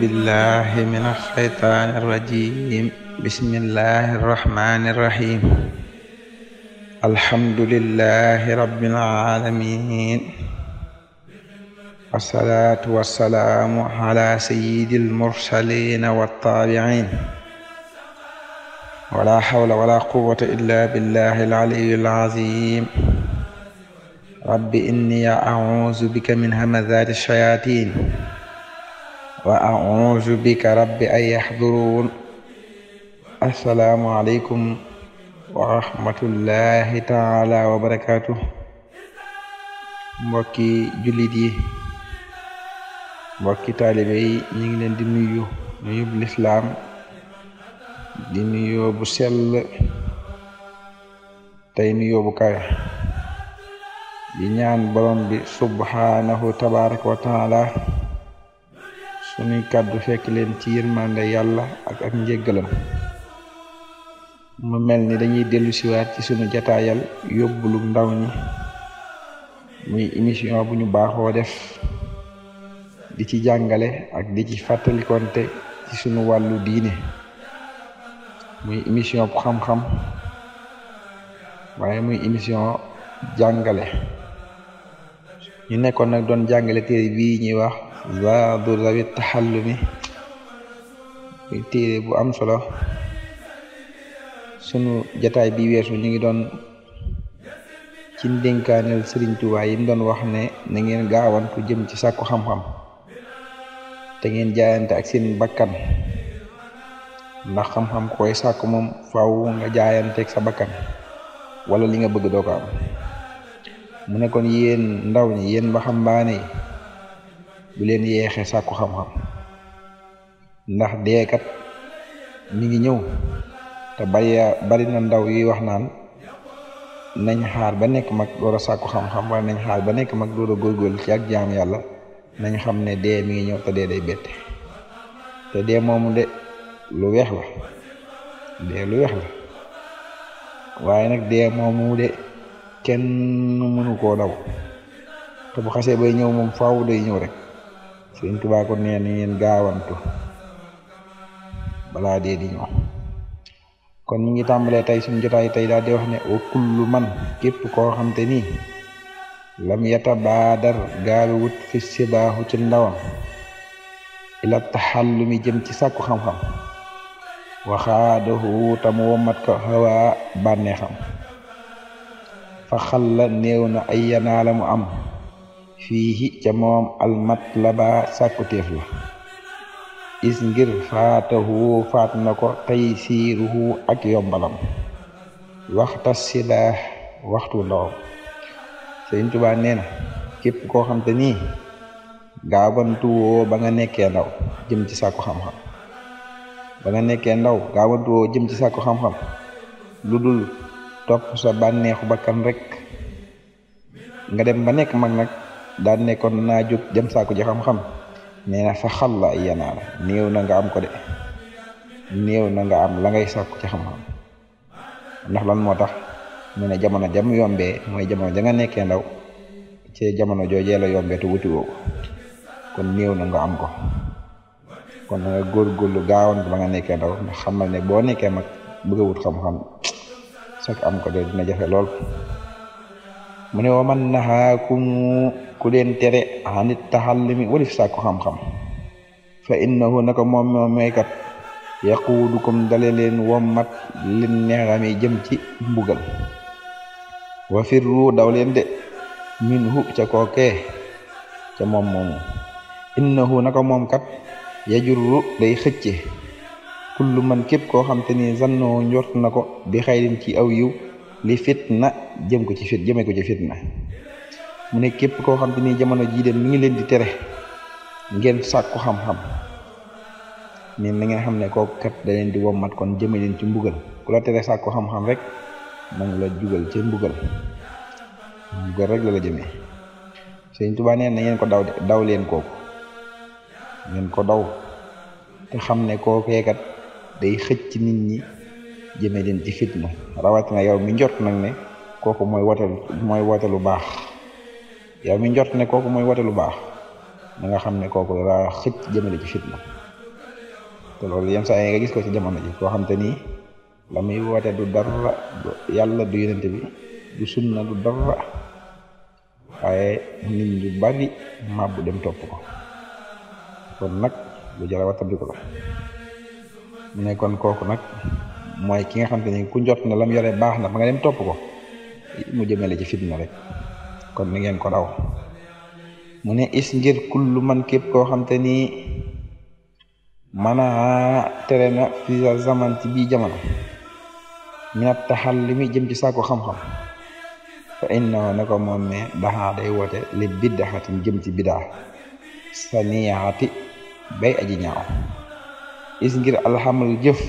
بالله من الشيطان الرجيم بسم الله الرحمن الرحيم الحمد لله رب العالمين والصلاة والسلام على سيد المرسلين والطابعين ولا حول ولا قوة إلا بالله العلي العظيم رب إني أعوذ بك من همذات الشياطين wa auzu bika rabbi ay yaxduruun assalaamu aleykum wa taala wa mbokki jullit yi mbokki taalibe yi ñu ngi leen di nuyu lislaam di nuyoo bu sell tey nuyoo bu kawe di ñaan borom bi subhaanahu tabaraka wa sunuy kàddu fekk leen ci yërmande yàlla ak ak njéggalam mu mel ni dañuy dellu siwaat ci sunu jataayal yóbbulu ndaw ñi muy émission bu ñu baaxoo def di ci jàngale ak di ci fàttalikonte ci sunu wàllu diine muy émission bu xam-xam waaye muy émission jàngale ñu nekkoon nag doon jàngale téere bii ñuy wax la zaadu zawi taxallumi muy téere bu am solo sunu jataay bi weesu ñu ngi doon ci ndénkaaneel Sëriñ Tuubaa yi mu doon wax ne na ngeen ku jëm ci sàkku xam-xam te ngeen jaayante ak seen bakkan ndax xam-xam koy sàkku moom faw nga jaayanteeg sa bakkan wala li nga bëgg doo ko am yen ndaw ñi yéen waxambaane yi bu leen yeexee sàkku xam-xam ndax deekat mi ngi ñëw te bari bari na ndaw yi wax naan nañ xaar ba nekk mag door a sàkku xam-xam waaye nañ xaar ba nekk mag door a góorgóorlu ci ak jaam yàlla nañ xam ne dee mi ngi ñëw te dee day bett te dee moomu de lu weex la dee lu weex la waaye nag dee moomu de kenn mënu koo daw te bu xasee bay ñëw moom faaw day ñëw rek Sëriñ Tuubaa ko nee na ngeen gaawantu balaa dee kon ñu ngi tàmbalee tey suñu jotaay tey daal di wax kullu man képp koo xam te nii lam yata baadar gaawi wut fi sibaaxu ci ndawam ila taxallumi jëm ci sàkku xam-xam waxaadahu tam womat ko xawaa bànnee xam fa xalla néew na ay mu am fiihi ca moom almatlaba sàkkutéef la is ngir faatahu faat na ko tey siiruhu ak yombalam waxta sila waxtu ndawam Sëriñ Tuubaa nee na képp koo xam te nii ba nga nekkee ndaw jëm ba nga nekkee ndaw gaawantuwoo jëm ci sàkku xam-xam lu dul topp sa bànneexu bakkan rek nga dem ba nekk mag na daan ne kon naa jóg jëm saako ji xam-xam nee na fa xal la ay yanaara néew na nga am ko de néew na nga am la ngay sàkku ci xam-xam ndax lan moo tax mu ne jamono jam yombee mooy jamono ja nga nekkee ndaw ci jamono joojee la yombee te wuti woo kon néew na nga am ko kon na nga góorgóorlu gaawan ba nga nekkee ndaw ndax xamal ne boo nekkee mag bëgg a wut xam-xam sag am ko de dina jafe lool mu ne wa man naxaakumu ku leen tere anit taxallumi walif sàkku xam-xam fa innahu naka moom moom maykat yaquudukum dale leen wommat lim neexami jëm ci mbugal wa firru daw leen de minhu ca kookee ca moom moomu innahu naka moom kat yajurru day xëcce kullu man képp koo xam te ni zannoo njort na ko bi xayrin ci aw yiw li fitna jëm ko ci fit jëme ko ci fitna mu ne képp koo xam te ni jamono jii de mi ngi leen di tere ngeen sàkku xam-xam ne na xam ne kooku kat da leen di wommat kon jëme leen ci mbugal ku la tere sàkku rek mu ngi la jugal ca mbugal mbugal rek la la jëmee Sëriñ Tuubaa na ngeen ko daw daw leen kooku ngeen ko daw te xam ne kookee kat day xëcc nit ñi jëme leen ci rawatina yow mi njort ne kooku mooy woote mooy lu baax. yow mi njort ne kooku mooy wote lu baax na nga xam ne kooku dalaa xëcc jëmale ci fitna te loolu yenn saa yi nga gis ko ci jamono ji koo xam te nii la muy woote du dara yàlla du yonente bi du sunna du dara waaye nit ñu bari màbbu dem topp ko kon nag lu jara wattandiku la kooku nag mooy ki nga xam te ni ku njort ne la mu yore baax na ba nga dem topp ko mu jëmale ci fitna rek kon ngeen ko raw mu ne is ngir kullu man képp koo xam te ni mana tere na fi zaman ci bii jamono minat taxallimi jëm ci saako xam-xam fa innahu na ko moom ne daxaa day woote li biddaxatin jëm ci bidaa saniyaati bay aji ñaaw is ngir alxamal jëf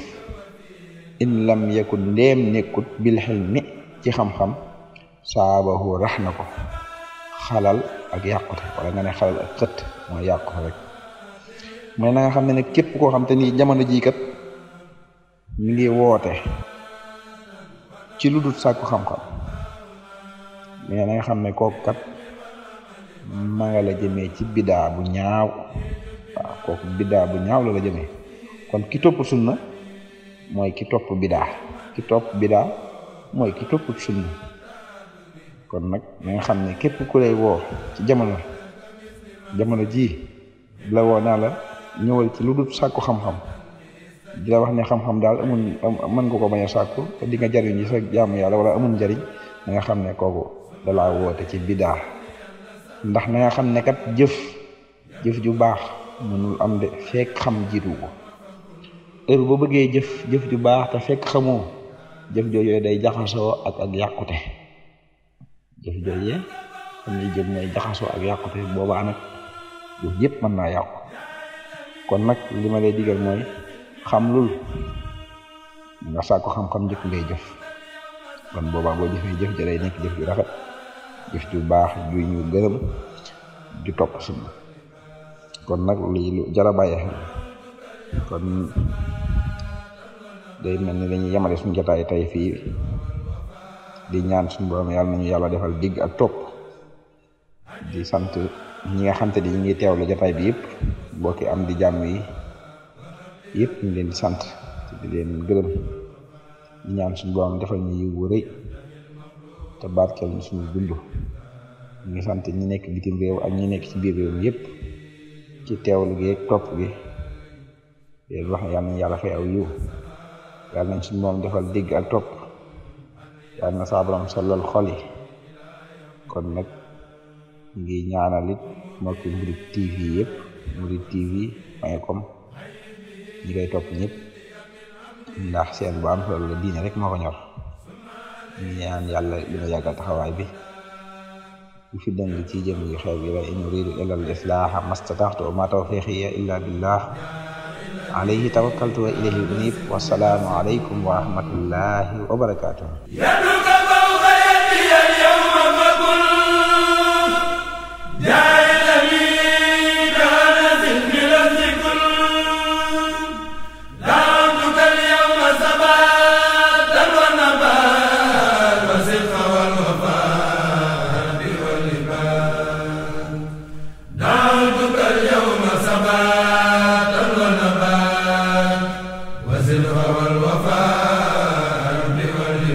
in lam yakun ndéem nekkut bil xel mi ci xam-xam saabahu rax na ko xalal ak yàqute wala nga ne xalal ak xët mooy yàqute rek mooy na nga xam ne ne képp koo xam te ni jamono jii kat mi ngi woote ci lu dul sàkku xam-xam mais na nga xam ne kooku kat ma nga la jëmee ci biddaa bu ñaaw waaw biddaa bu ñaaw la la jëmee kon ki topp na mooy ki topp biddaa ki topp biddaa mooy ki topp sunna kon nag na nga xam ne képp ku lay woo ci jamono jamono jii la woo la ñëwal ci lu dul sàkku xam-xam la wax ne xam daal amul mën nga ko bañ a sàkku te di nga jariñ yi sa jaamu yàlla wala amul njariñ na nga xam ne kooku dalaa woote ci bidaa ndax na nga xam ne kat jëf jëf ju baax mënul am de fekk xam jiitu ko bëggee jëf jëf ju baax ta fekk xamoo jëf jooju day jaxasoo ak ak yàqute jëf jooju yee am na jëm mooy ak yàqute boobaa nag jëf yëpp mën naa yàqu kon nag li ma lay digal mooy xam lul nga sàkku xam-xam njëkk ngay jëf kon boobaa boo jëfee jëf ja nekk jëf ju rafet jëf ju baax ju ñu gërëm ju topp kon nag lii lu jar a bàyyi xel kon day mel ni dañuy yemale suñu jotaay tey di ñaan suñu borom yàlla nañu yàlla defal digg ak topp di sant ñi nga xam te ni ñu ngi teewlu jotaay bi yëpp bokki am di jàmm yi yëpp ñu leen sant di gërëm ñaan suñu borom defal ñu yiw wu rëy te barkeel suñu dund ñu ngi sant nekk bitim réew ak ñi nekk ci biir réew yëpp ci teew gi ak topp gi leen wax yàlla nañu yàlla fay aw yiw yàlla nañ suñu moom defal dégg ak topp yàlla na saa borom sellal kon nag ngi ñaanal it mbokki Mouride TV yëpp Mouride TV may comme ñi koy topp ñëpp ndax seen bu am solo la diine rek moo ko ñor ñu ñaan yàlla dina yàggal taxawaay bi lu fi dëng ci jëm yi xew yi la in uridu illa al islaaha mastataxtu wa ma tawfiqiya illa billah alayhi tawakkaltu wa ilayhi unib wasalaamu aleykum wa rahmatullahi wa barakatuh